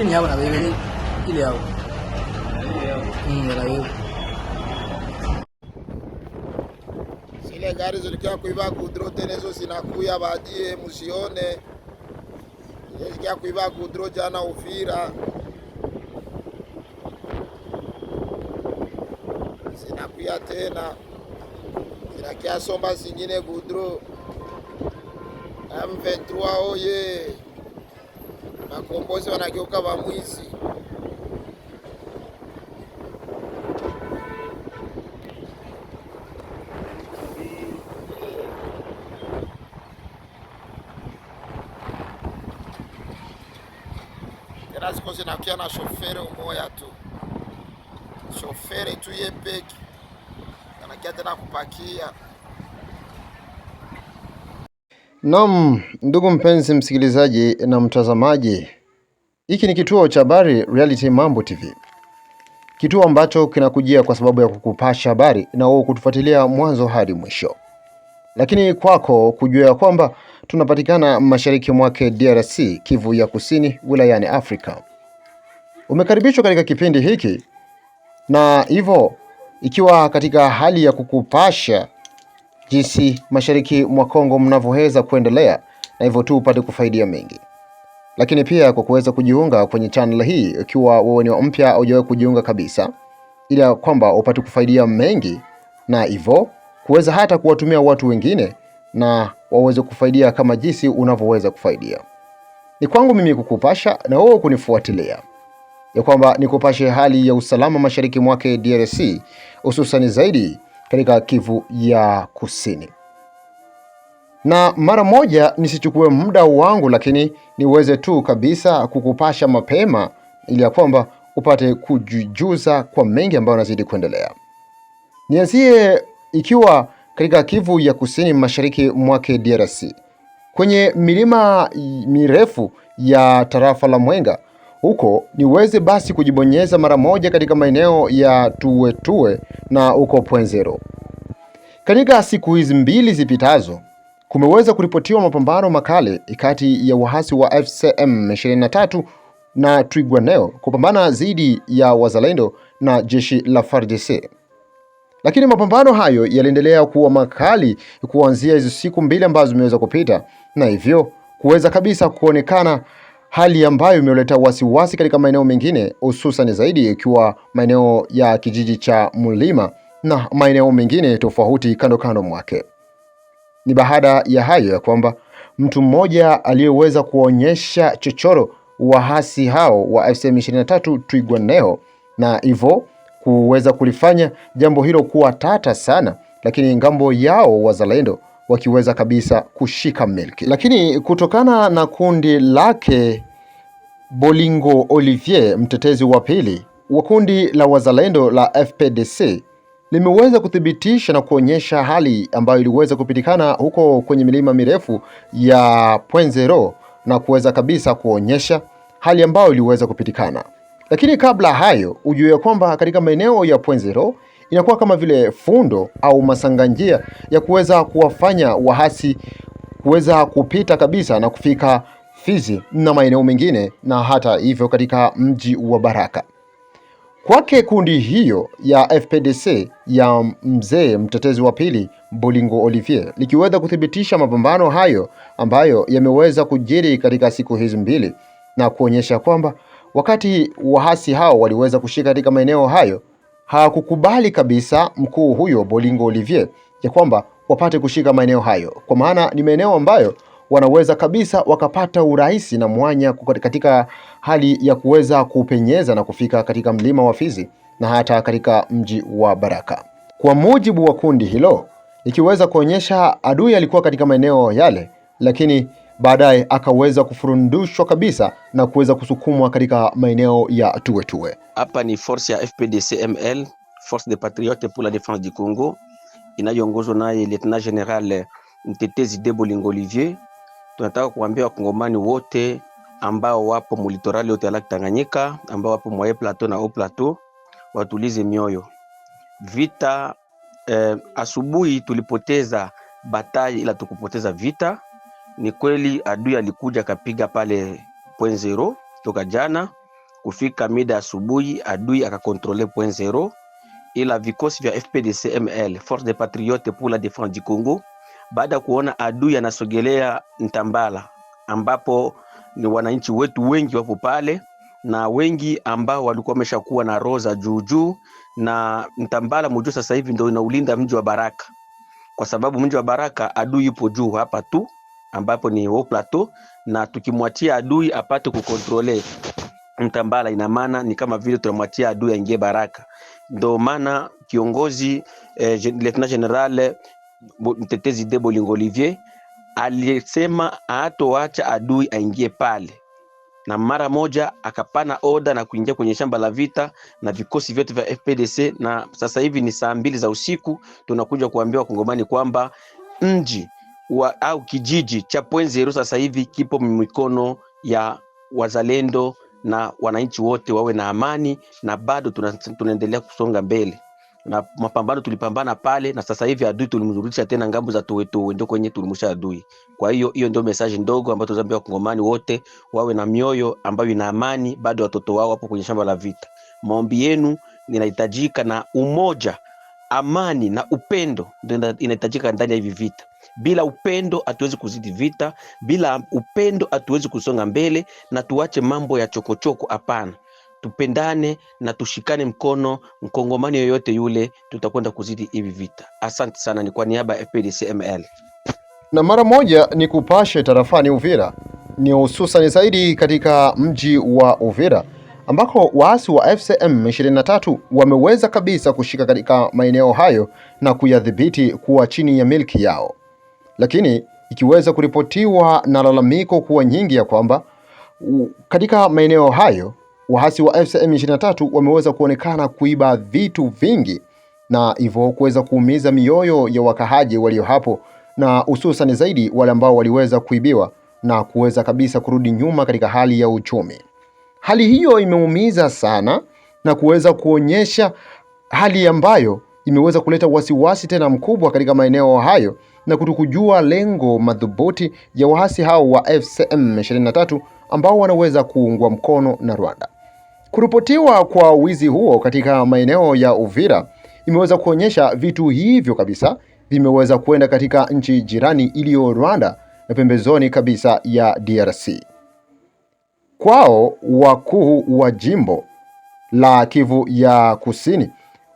Hii ni hapo na ile ile hapo. Mm, zile gari zilikia kuiva kudro tena hizo zinakuya bajie musione. Zilikia kuiva kudro jana Ufira. Zinakuya tena. Zinakia somba zingine kudro. M23 oye. Oh yeah. Wakombozi wanageuka wamwizi. Tena ziko zinakia na shofere umoya tu, shofere tu ye peki anakia tena kupakia Naam, ndugu mpenzi msikilizaji na mtazamaji, hiki ni kituo cha habari Reality Mambo TV, kituo ambacho kinakujia kwa sababu ya kukupasha habari na wewe kutufuatilia mwanzo hadi mwisho, lakini kwako kujua ya kwamba tunapatikana mashariki mwake DRC, Kivu ya Kusini, wilayani Afrika. Umekaribishwa katika kipindi hiki, na hivyo ikiwa katika hali ya kukupasha jinsi mashariki mwa Kongo mnavyoweza kuendelea, na hivyo tu upate kufaidia mengi lakini pia kwa kuweza kujiunga kwenye channel hii ikiwa wewe ni mpya au hujawahi kujiunga kabisa, ili kwamba upate kufaidia mengi na hivyo kuweza hata kuwatumia watu wengine na waweze kufaidia kama jinsi unavyoweza kufaidia. Ni kwangu mimi kukupasha na wewe kunifuatilia ya kwamba nikupashe hali ya usalama mashariki mwake DRC, hususani zaidi katika Kivu ya Kusini na mara moja nisichukue muda wangu, lakini niweze tu kabisa kukupasha mapema, ili ya kwamba upate kujujuza kwa mengi ambayo yanazidi kuendelea. Nianzie ikiwa katika Kivu ya kusini mashariki mwake DRC, kwenye milima mirefu ya tarafa la Mwenga huko niweze basi kujibonyeza mara moja katika maeneo ya tuwe na huko Pwenzero. Katika siku hizi mbili zipitazo kumeweza kuripotiwa mapambano makali kati ya waasi wa FCM 23 na Twirwaneho kupambana dhidi ya wazalendo na jeshi la FARDC. Lakini mapambano hayo yaliendelea kuwa makali kuanzia hizo siku mbili ambazo zimeweza kupita, na hivyo kuweza kabisa kuonekana hali ambayo imeleta wasiwasi katika maeneo mengine, hususan zaidi ikiwa maeneo ya kijiji cha mlima na maeneo mengine tofauti kando kando mwake. Ni baada ya hayo ya kwamba mtu mmoja aliyeweza kuonyesha chochoro waasi hao wa fcm 23 Twigwa Neo na hivyo kuweza kulifanya jambo hilo kuwa tata sana, lakini ngambo yao wazalendo wakiweza kabisa kushika milki. Lakini kutokana na kundi lake Bolingo Olivier, mtetezi wa pili wa kundi la wazalendo la FPDC limeweza kuthibitisha na kuonyesha hali ambayo iliweza kupitikana huko kwenye milima mirefu ya Pwenzero na kuweza kabisa kuonyesha hali ambayo iliweza kupitikana. Lakini kabla hayo, ujue kwamba katika maeneo ya Pwenzero inakuwa kama vile fundo au masanganjia ya kuweza kuwafanya wahasi kuweza kupita kabisa na kufika Fizi na maeneo mengine, na hata hivyo katika mji wa Baraka. Kwake kundi hiyo ya FPDC ya mzee mtetezi wa pili Bolingo Olivier likiweza kuthibitisha mapambano hayo ambayo yameweza kujiri katika siku hizi mbili na kuonyesha kwamba wakati waasi hao waliweza kushika katika maeneo hayo, hawakukubali kabisa mkuu huyo Bolingo Olivier ya kwamba wapate kushika maeneo hayo, kwa maana ni maeneo ambayo wanaweza kabisa wakapata urahisi na mwanya katika hali ya kuweza kupenyeza na kufika katika mlima wa Fizi na hata katika mji wa Baraka. Kwa mujibu wa kundi hilo, ikiweza kuonyesha adui alikuwa katika maeneo yale, lakini baadaye akaweza kufurundushwa kabisa na kuweza kusukumwa katika maeneo ya Tuwe Tuwe. Hapa ni force ya FPDCML, Force de Patriote pour la Defense du Congo inayoongozwa naye Lieutenant General Mtetezi Debolingo Olivier. Tunataka kuambia wakongomani wote ambao wapo mulitorali yote ya Tanganyika, ambao wapo mwaye plateau na haut plateau watulize mioyo vita. Eh, asubuhi tulipoteza batali ila tukupoteza vita. Ni kweli adui alikuja akapiga pale point zero toka jana kufika mida asubuhi, adui akakontrole point zero, ila vikosi vya FPDC ML, Force des Patriotes pour la Défense du Congo, baada ya kuona adui anasogelea Ntambala ambapo ni wananchi wetu wengi wapo pale na wengi ambao walikuwa wameshakuwa na roho za juu juu, na mtambala mujuu sasa hivi ndio inaulinda mji wa Baraka, kwa sababu mji wa Baraka adui yupo juu hapa tu, ambapo ni plateau, na tukimwachia adui apate kukontrole mtambala, ina maana ni kama vile tunamwachia adui aingie Baraka. Ndio maana kiongozi eh, Lieutenant General mtetezi Debo Lingolivier aliyesema hatoacha adui aingie pale, na mara moja akapana oda na kuingia kwenye shamba la vita na vikosi vyote vya FPDC. Na sasa hivi ni saa mbili za usiku, tunakuja kuambia wakongomani kwamba mji wa, au kijiji cha Pwenzero sasa hivi kipo mikono ya wazalendo, na wananchi wote wawe na amani, na bado tunaendelea kusonga mbele na mapambano tulipambana pale, na sasa hivi adui tulimrudisha tena ngambo za towe towe, ndio kwenye tulimsha adui. Kwa hiyo hiyo ndio message ndogo ambayo tunaambia wakongomani wote wawe na mioyo ambayo ina amani, bado watoto wao wapo kwenye shamba la vita. Maombi yenu inahitajika, na umoja, amani na upendo ndio inahitajika ndani ya hivi vita. Bila upendo hatuwezi kuzidi vita, bila upendo hatuwezi kusonga mbele, na tuache mambo ya chokochoko. Hapana -choko, tupendane na tushikane mkono. Mkongomani yoyote yule, tutakwenda kuzidi hivi vita. Asante sana, ni kwa niaba ya FPDCML na mara moja ni kupashe tarafani Uvira, ni hususani zaidi katika mji wa Uvira ambako waasi wa FCM 23 wameweza kabisa kushika katika maeneo hayo na kuyadhibiti kuwa chini ya milki yao, lakini ikiweza kuripotiwa na lalamiko kuwa nyingi ya kwamba katika maeneo hayo waasi wa FCM 23 wameweza kuonekana kuiba vitu vingi na hivyo kuweza kuumiza mioyo ya wakahaji walio hapo, na hususani zaidi wale ambao waliweza kuibiwa na kuweza kabisa kurudi nyuma katika hali ya uchumi. Hali hiyo imeumiza sana na kuweza kuonyesha hali ambayo imeweza kuleta wasiwasi tena mkubwa katika maeneo hayo na kutokujua lengo madhubuti ya waasi hao wa FCM 23 ambao wanaweza kuungwa mkono na Rwanda. Kuripotiwa kwa wizi huo katika maeneo ya Uvira imeweza kuonyesha vitu hivyo kabisa vimeweza kwenda katika nchi jirani iliyo Rwanda na pembezoni kabisa ya DRC. Kwao wakuu wa jimbo la Kivu ya Kusini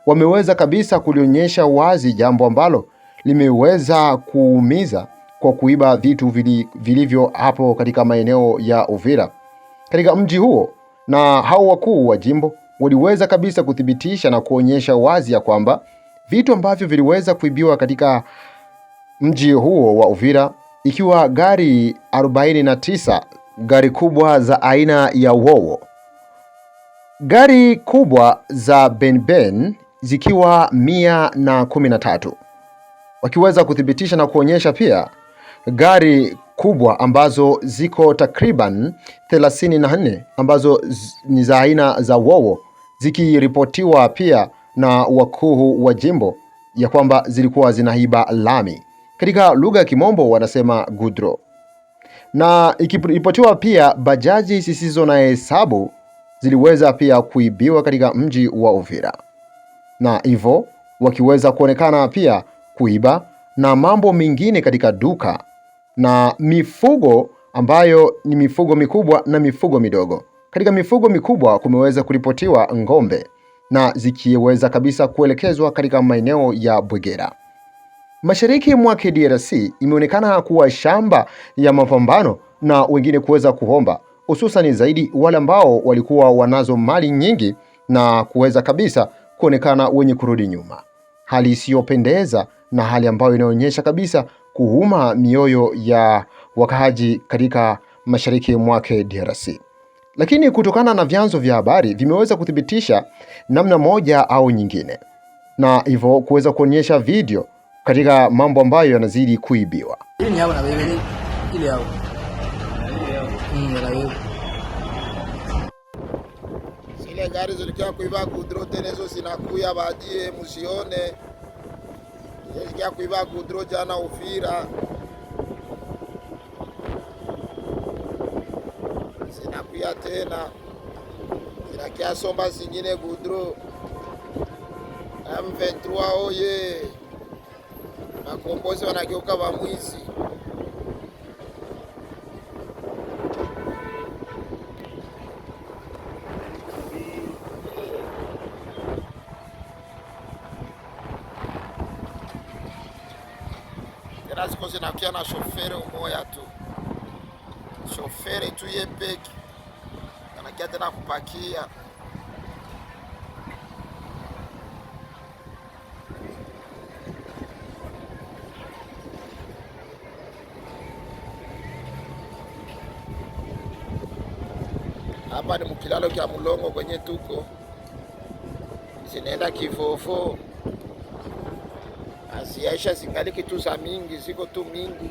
wameweza kabisa kulionyesha wazi jambo ambalo limeweza kuumiza kwa kuiba vitu vilivyo hapo katika maeneo ya Uvira. Katika mji huo na hao wakuu wa jimbo waliweza kabisa kuthibitisha na kuonyesha wazi ya kwamba vitu ambavyo viliweza kuibiwa katika mji huo wa Uvira ikiwa gari 49 gari kubwa za aina ya wowo, gari kubwa za benben zikiwa mia na wakiweza kuthibitisha na kuonyesha pia gari kubwa ambazo ziko takriban 34 ambazo ni za aina za wowo zikiripotiwa pia na wakuu wa jimbo ya kwamba zilikuwa zinaiba lami, katika lugha ya Kimombo wanasema gudro, na ikiripotiwa pia bajaji zisizo na hesabu ziliweza pia kuibiwa katika mji wa Uvira, na hivyo wakiweza kuonekana pia kuiba na mambo mengine katika duka na mifugo ambayo ni mifugo mikubwa na mifugo midogo. Katika mifugo mikubwa kumeweza kuripotiwa ng'ombe na zikiweza kabisa kuelekezwa katika maeneo ya Bwegera. Mashariki mwa DRC imeonekana kuwa shamba ya mapambano na wengine kuweza kuomba, hususani zaidi wale ambao walikuwa wanazo mali nyingi na kuweza kabisa kuonekana wenye kurudi nyuma, hali isiyopendeza na hali ambayo inaonyesha kabisa kuuma mioyo ya wakaaji katika mashariki mwake DRC. Lakini kutokana na vyanzo vya habari vimeweza kuthibitisha namna moja au nyingine, na hivyo kuweza kuonyesha video katika mambo ambayo yanazidi kuibiwa. Mm, Zile gari zilikuwa kuiva kudrote nezo zinakuya bajie muzione kuiva kudro jana Ufira sinakuya tena somba zingine gudro M23 oye, makombozi wanageuka vamwizi. kushirikia na shofere umoya tu, shofere tu yepeki anakia tena kupakia hapa ni mukilalo kya mulongo kwenye tuko zinaenda kifofo. Asiesha zingali kitu za mingi ziko tu mingi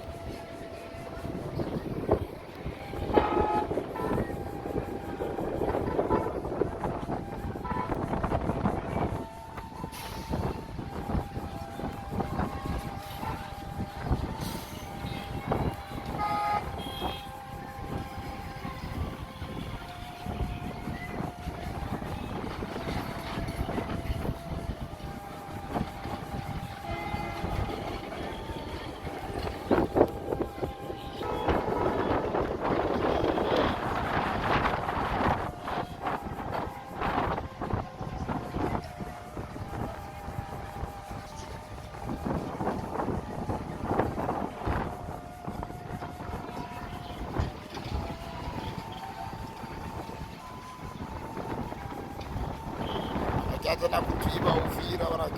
هذا انا كنت ايبه وفي هنا ورا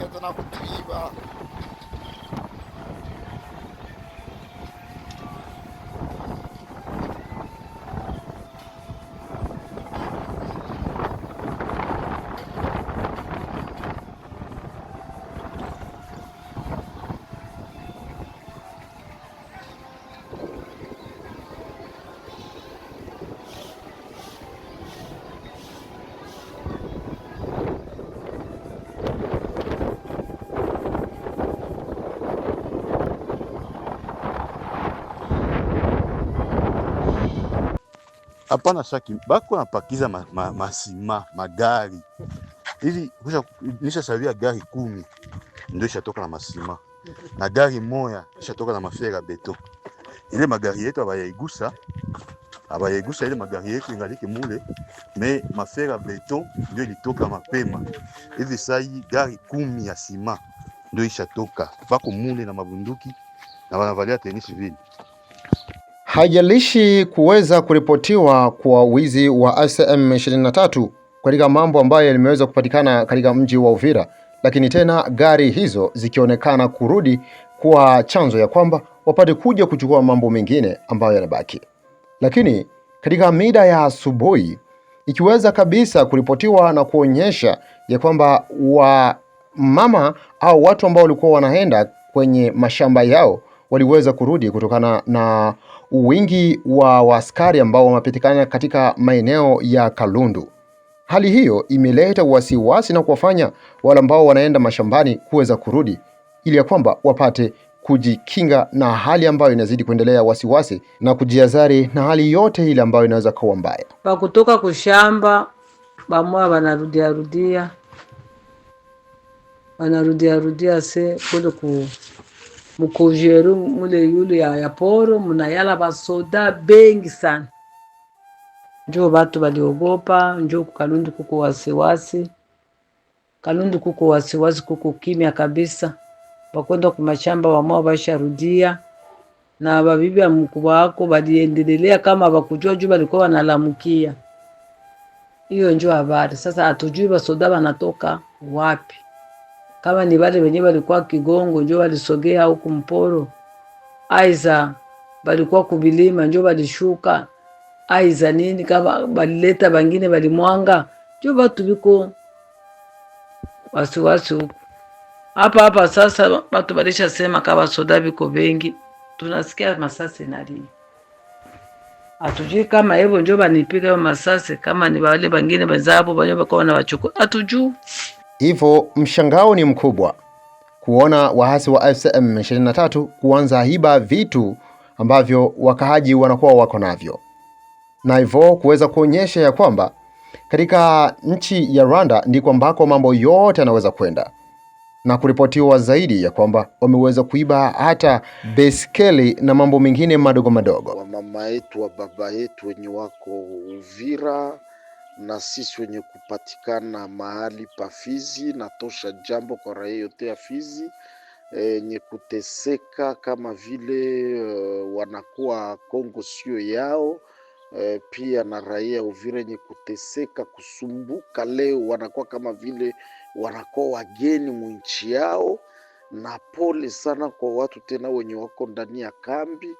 hapana shaki bako napakiza ma, ma, masima magari ili nisha salia gari kumi ndio ishatoka na masima na gari moya ishatoka na mafera beto. Ile magari yetu abayaigusa abayaigusa ile magari yetu ingaliki mule me mafera beto ndio ilitoka mapema hivi. Sai gari kumi ya sima ndio ishatoka bako mule na mabunduki na wanavalia tenisi vile Haijalishi kuweza kuripotiwa kwa wizi wa ACM23 katika mambo ambayo yalimeweza kupatikana katika mji wa Uvira, lakini tena gari hizo zikionekana kurudi kwa chanzo ya kwamba wapate kuja kuchukua mambo mengine ambayo yanabaki. Lakini katika mida ya asubuhi ikiweza kabisa kuripotiwa na kuonyesha ya kwamba wamama au watu ambao walikuwa wanaenda kwenye mashamba yao waliweza kurudi kutokana na wingi wa waskari ambao wamepatikana katika maeneo ya Kalundu. Hali hiyo imeleta wasiwasi na kuwafanya wale ambao wanaenda mashambani kuweza kurudi ili ya kwamba wapate kujikinga na hali ambayo inazidi kuendelea wasiwasi na kujiazari na hali yote ile ambayo inaweza kuwa mbaya. Bakutoka kushamba rudia banarudia rudia se kule ku mukojeru mule yulu ya yaporo munayala basoda bengi sana, njo batu baliogopa, njo kukalundu kuko wasiwasi, kalundu kuko wasiwasi, kuko kimya kabisa. Bakwenda kumashamba wamao basharudia na babibi ya mkubwa wako baliendelea kama bakujua juu balikuwa wanalamukia. Hiyo njo habari sasa, atujui basoda banatoka wapi kama ni wale wenye walikuwa Kigongo njo walisogea au mporo, aiza walikuwa kubilima njo walishuka, aiza nini kama walileta bangine walimwanga njo watu biko wasiwasi huku hapa hapa. Sasa watu balisha sema kama soda biko bengi, tunasikia masasi nali atujui kama hivyo njo banipika masasi, kama ni wale bangine bazabu banyo bako na wachukua atujui Hivyo mshangao ni mkubwa kuona waasi wa FCM 23 kuanza hiba vitu ambavyo wakaaji wanakuwa wako navyo, na hivyo kuweza kuonyesha ya kwamba katika nchi ya Rwanda ndiko ambako mambo yote yanaweza kwenda, na kuripotiwa zaidi ya kwamba wameweza kuiba hata beskeli na mambo mengine madogo madogo. mama yetu wa baba yetu wenye wako Uvira na sisi wenye kupatikana mahali pa Fizi, natosha jambo kwa raia yote ya Fizi yenye kuteseka kama vile uh, wanakuwa Kongo sio yao. E, pia na raia Uvira yenye kuteseka kusumbuka, leo wanakuwa kama vile wanakuwa wageni mwinchi yao. Na pole sana kwa watu tena wenye wako ndani ya kambi,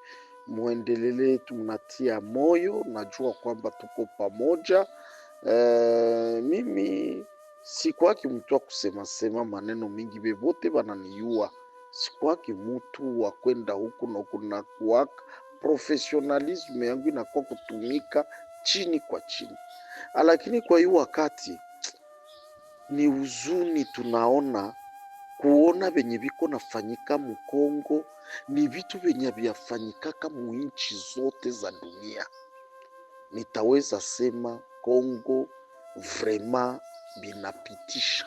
muendelele, tunatia moyo, najua kwamba tuko pamoja. Eh, mimi sikwaki mtu wa kusemasema maneno mingi, bebote bananiyua. Sikwaki mtu wa kwenda huku na huku na kuwaka. professionalism yangu inakuwa kutumika chini kwa chini, ah, lakini kwa hiyo wakati ni huzuni tunaona kuona venye viko nafanyika Mkongo, ni vitu venye vyafanyikaka nchi zote za dunia. Nitaweza sema Kongo vraiment binapitisha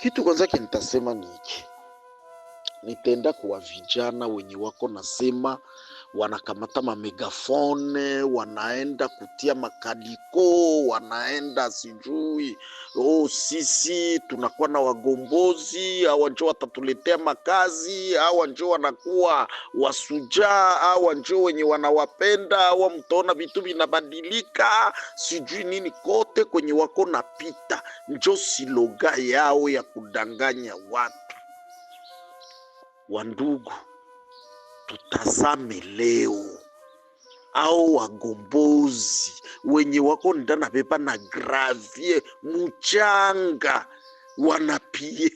kitu. Kwanza kinitasema ni hiki, nitaenda kwa vijana wenye wako nasema wanakamata mamegafone, wanaenda kutia makaliko, wanaenda sijui oh, sisi tunakuwa na wagombozi, awa njo watatuletea makazi, awa njo wanakuwa wasujaa, awa njo wenye wanawapenda, awa mtaona vitu vinabadilika, sijui nini, kote kwenye wako na pita, njo siloga yao ya kudanganya watu. Wandugu, tutazame leo au wagombozi wenye wako ndana pepa na gravie muchanga wanapie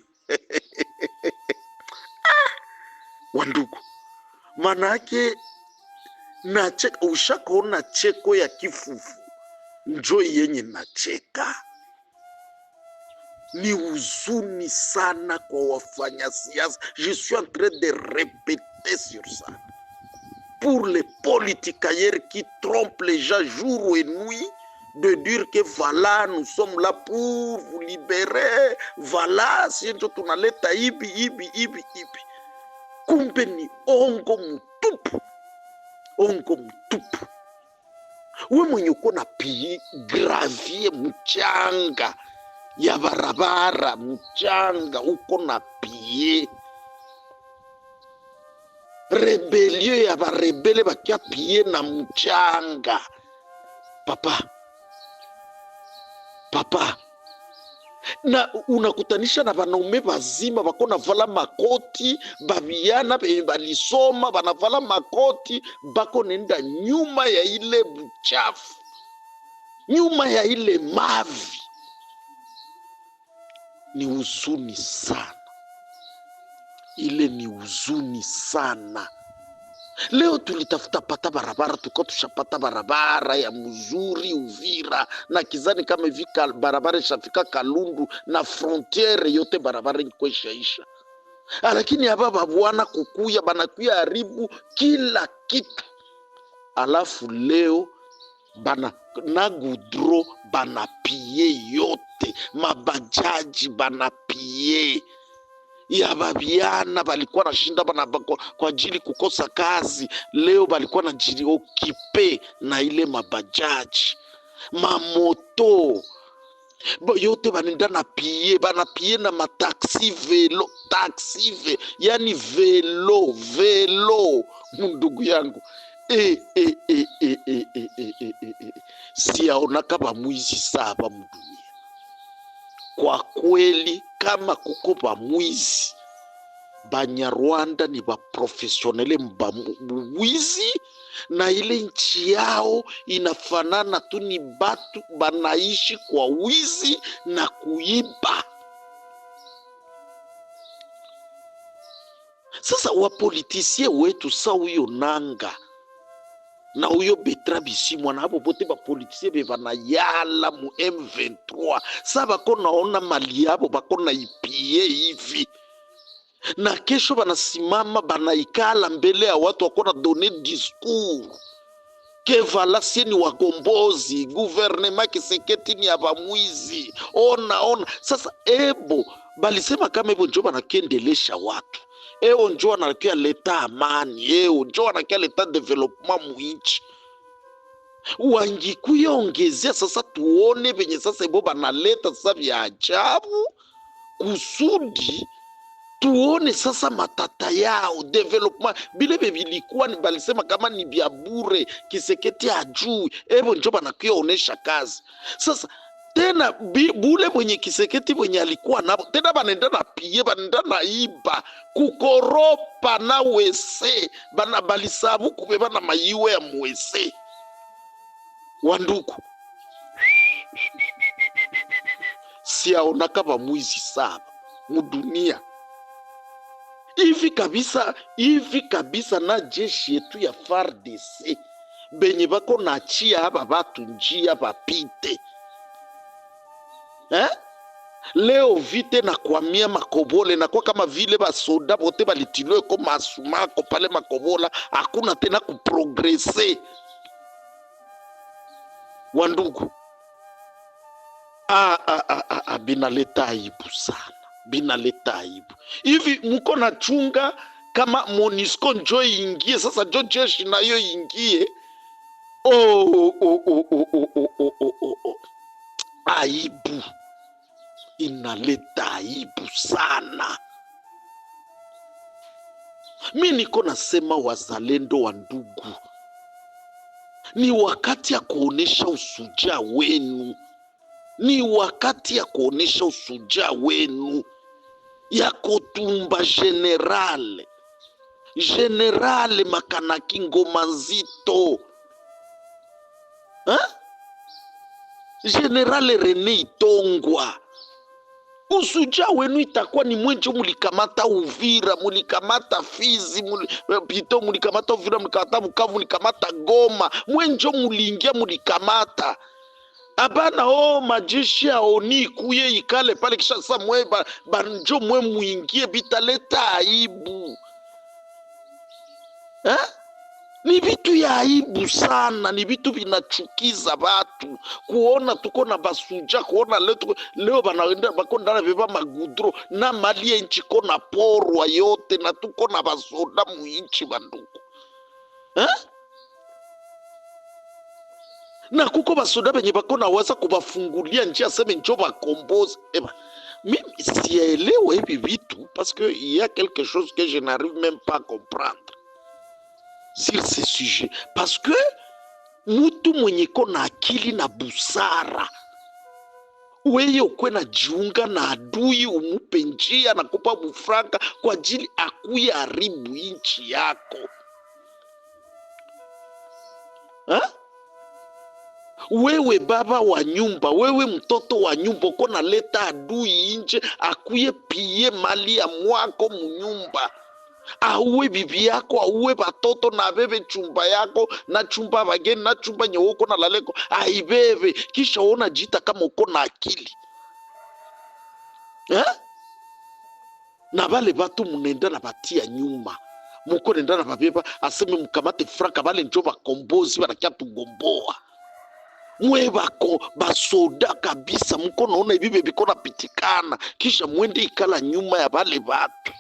ah, wandugu, manake nacheka, ushakaona cheko ya kifufu njo yenye nacheka ni huzuni sana kwa wafanya siasa. Je suis en train de repeter sur ça. Pour les politiques ailleurs qui trompent les gens jour et nuit, de dire que voilà, nous sommes là pour vous libérer, voilà, siento tunaleta hivi ibi, ibi, ibi, ibi, on ongo on ongo tout. We mwenye uko na pi gravie mchanga ya yabarabara mchanga uko na pie rebelio ya barebele bakia pie na mchanga papa papa na unakutanisha na banaume bazima bako navala makoti babiana benye eh, balisoma banavala makoti bako nenda nyuma ya ile buchafu nyuma ya ile mavi ni huzuni sana ile ni huzuni sana. Leo tulitafuta pata barabara, tuko tushapata barabara ya mzuri Uvira na kizani kama hivi, barabara ishafika Kalundu na frontiere yote barabara ilikuwa ishaisha, ah, lakini hapa babwana kukuya banakuya haribu kila kitu, alafu leo bana na gudro banapie yote, mabajaji banapie ya babiana balikuwa na shinda bana kwa ajili kukosa kazi, leo balikuwa na jiri okipe na ile mabajaji mamoto yote banenda na pie pie na mataksi velo ve yani velo velo, mundugu yangu e, e, e, e, e, e, e, e. e, e. siaonaka bamwizi saba mudu kwa kweli kama kuko bamwizi Banyarwanda ni baprofesionele mbawizi, na ile nchi yao inafanana tu, ni batu banaishi kwa wizi na kuiba. Sasa wapolitisie wetu sa huyo nanga na uyo betra bisimwa nabo bote bapolitisie be banayala mu M23 sa bako naona mali yabo bako ipie hivi na kesho banasimama banaikala mbele ya watu wako na done discours kevala sie ni wagombozi guvernema kiseketi ni abamwizi ona ona sasa ebo eh, balisema kama hivyo njo banakiendelesha watu eo njo anatia leta amani eo njo anakia leta development muinchi wangikuyongezea sasa, tuone venye sasa ivo banaleta sasa vya ajabu kusudi tuone sasa matata yao development bile vilikuwa ni balisema kama ni vya bure, Kiseketi ajui evo njo banakuya kazi sasa tena bule mwenye Kiseketi mwenye alikuwa nao tena, banenda na pie banenda na iba kukoropa na wese bana balisabu kubeba na mayiwe ya mwese wanduku nduku siaonaka mwizi saba mudunia hivi kabisa, hivi kabisa. Na jeshi yetu ya FARDC benye bako nachia aba batu njia bapite eh? Leo vite nakwamia makobola inakuwa kama vile basoda bote balitiweko masumako pale makobola, hakuna tena kuprogrese. Wandugu, ah, ah, binaleta aibu sana, binaleta aibu hivi. Mko nachunga kama Monisco njo ingie sasa, njo jeshi nayo ingie. Oh oh, oh, oh, oh, oh, oh, oh, oh, oh. aibu inaleta aibu sana. Mi niko nasema wazalendo wa ndugu, ni wakati ya kuonesha usujaa wenu, ni wakati ya kuonesha usujaa wenu ya kutumba general general Makanaki ngoma nzito general Rene Itongwa usuja wenu itakuwa ni mwenje. Mulikamata Uvira, mulikamata Fizi, muli, eh, pito mulikamata Uvira, mulikamata Bukavu, mulikamata Goma, mwenje mulingia mulikamata abana o majeshi ya oni kuye ikale pale, kisha sa mwe banjo mwe muingie, bitaleta aibu eh? ni vitu ya aibu sana, ni vitu vinachukiza watu kuona tuko na basuja, kuona leo tuko, leo banaenda bako ndana beba magudro na mali ya nchi ko na porwa yote na tuko na basoda muinchi banduku eh? na kuko basoda benye bako na waza kubafungulia njia seme njo bakomboze eba mimi sielewe hivi vitu parce que il y a quelque chose que je n'arrive même pas à comprendre sur ce sujet parce que mtu mwenye ko na akili na busara weye ukwe na jiunga na adui umupe njia na kupa mufranka kwa ajili akuye haribu nchi yako ha? wewe baba wa nyumba, wewe mtoto wa nyumba, uko naleta adui nje akuye pie mali ya mwako munyumba auwe bibi yako auwe batoto na bebe chumba yako na chumba bageni na chumba nyewoko na laleko aibebe kisha ona jita kama uko na akili eh? na bale batu munenda na batia nyuma muko nenda na babeba aseme mkamate franka bale njo bakombozi banakia tugomboa mwe bako basoda kabisa muko naona ibibe biko napitikana kisha mwende ikala nyuma ya bale batu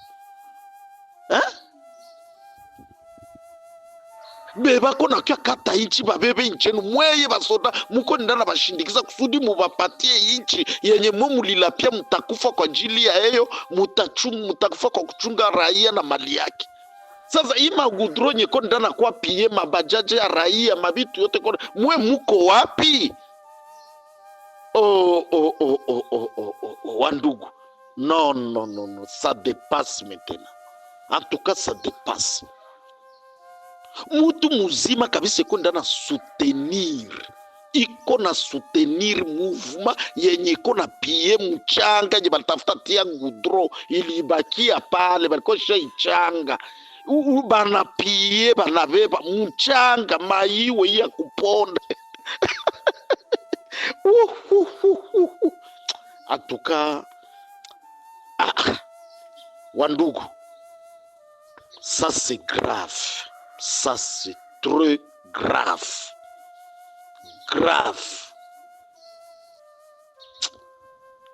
bebako nakyo inchi babebe inchenu mweye basoda muko ndana bashindikiza kusudi muvapatie inchi yenye mwe mutakufa kwa jili ya eyo mutakufa kwa kuchunga raia na mali yake sasa hii magudro nyeko ndana kwa pie mabajaje ya raia mabitu yote kona mwe muko wapi oh, oh, oh, oh, oh, oh, oh, oh, wandugu no, no, no, no. ça dépasse maintenant en tout cas ça dépasse mutu muzima kabisa iko ndani na soutenir iko na soutenir mouvement yenye iko na pie mchanga je balitafuta tia gudro ilibakia pale balikosha ichanga bana pie banabeba mchanga maiwe ya kuponda atuka ah, ah, wandugu Ça, c'est grave. Ça, c'est trop grave. Grave.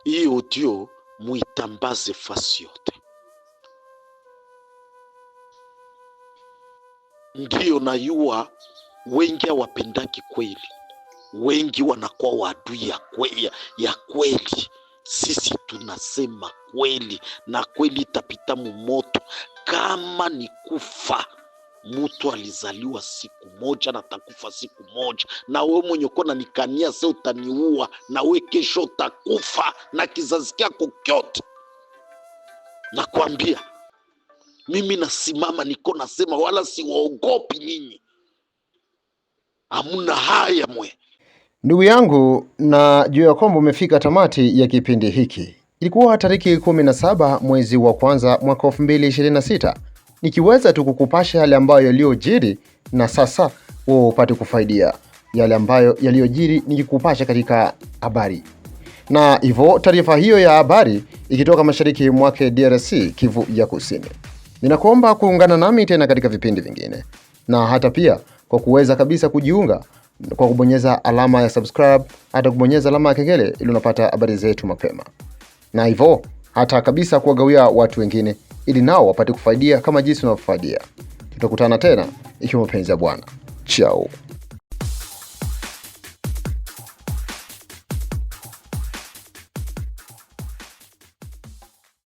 Hiyo ndio muitambaze fasi yote. Ndiyo najua wengi hawapendaki kweli, wengi wanakuwa wadui ya kweli, ya kweli. Sisi tunasema kweli, na kweli itapita mumoto. Kama ni kufa, mtu alizaliwa siku moja na takufa siku moja, na we mwenye uko nanikania se utaniua, na we kesho utakufa na kizazi kyako kyote. Nakwambia mimi nasimama, niko nasema, wala siwaogopi nyinyi, hamuna haya mwe Ndugu yangu, na juu ya kwamba umefika tamati ya kipindi hiki, Ilikuwa tariki 17 mwezi wa kwanza mwaka 2026, nikiweza tu kukupasha yale ambayo yaliyojiri, na sasa wewe upate kufaidia yale ambayo yaliyojiri nikikupasha katika habari. Na hivyo taarifa hiyo ya habari ikitoka mashariki mwake DRC, Kivu ya Kusini. Ninakuomba kuungana nami tena katika vipindi vingine, na hata pia kwa kuweza kabisa kujiunga kwa kubonyeza alama ya subscribe, hata kubonyeza alama ya kengele ili unapata habari zetu mapema na hivyo hata kabisa kuwagawia watu wengine ili nao wapate kufaidia kama jinsi unavyofaidia. Tutakutana tena ikiwa mapenzi ya Bwana. Chao.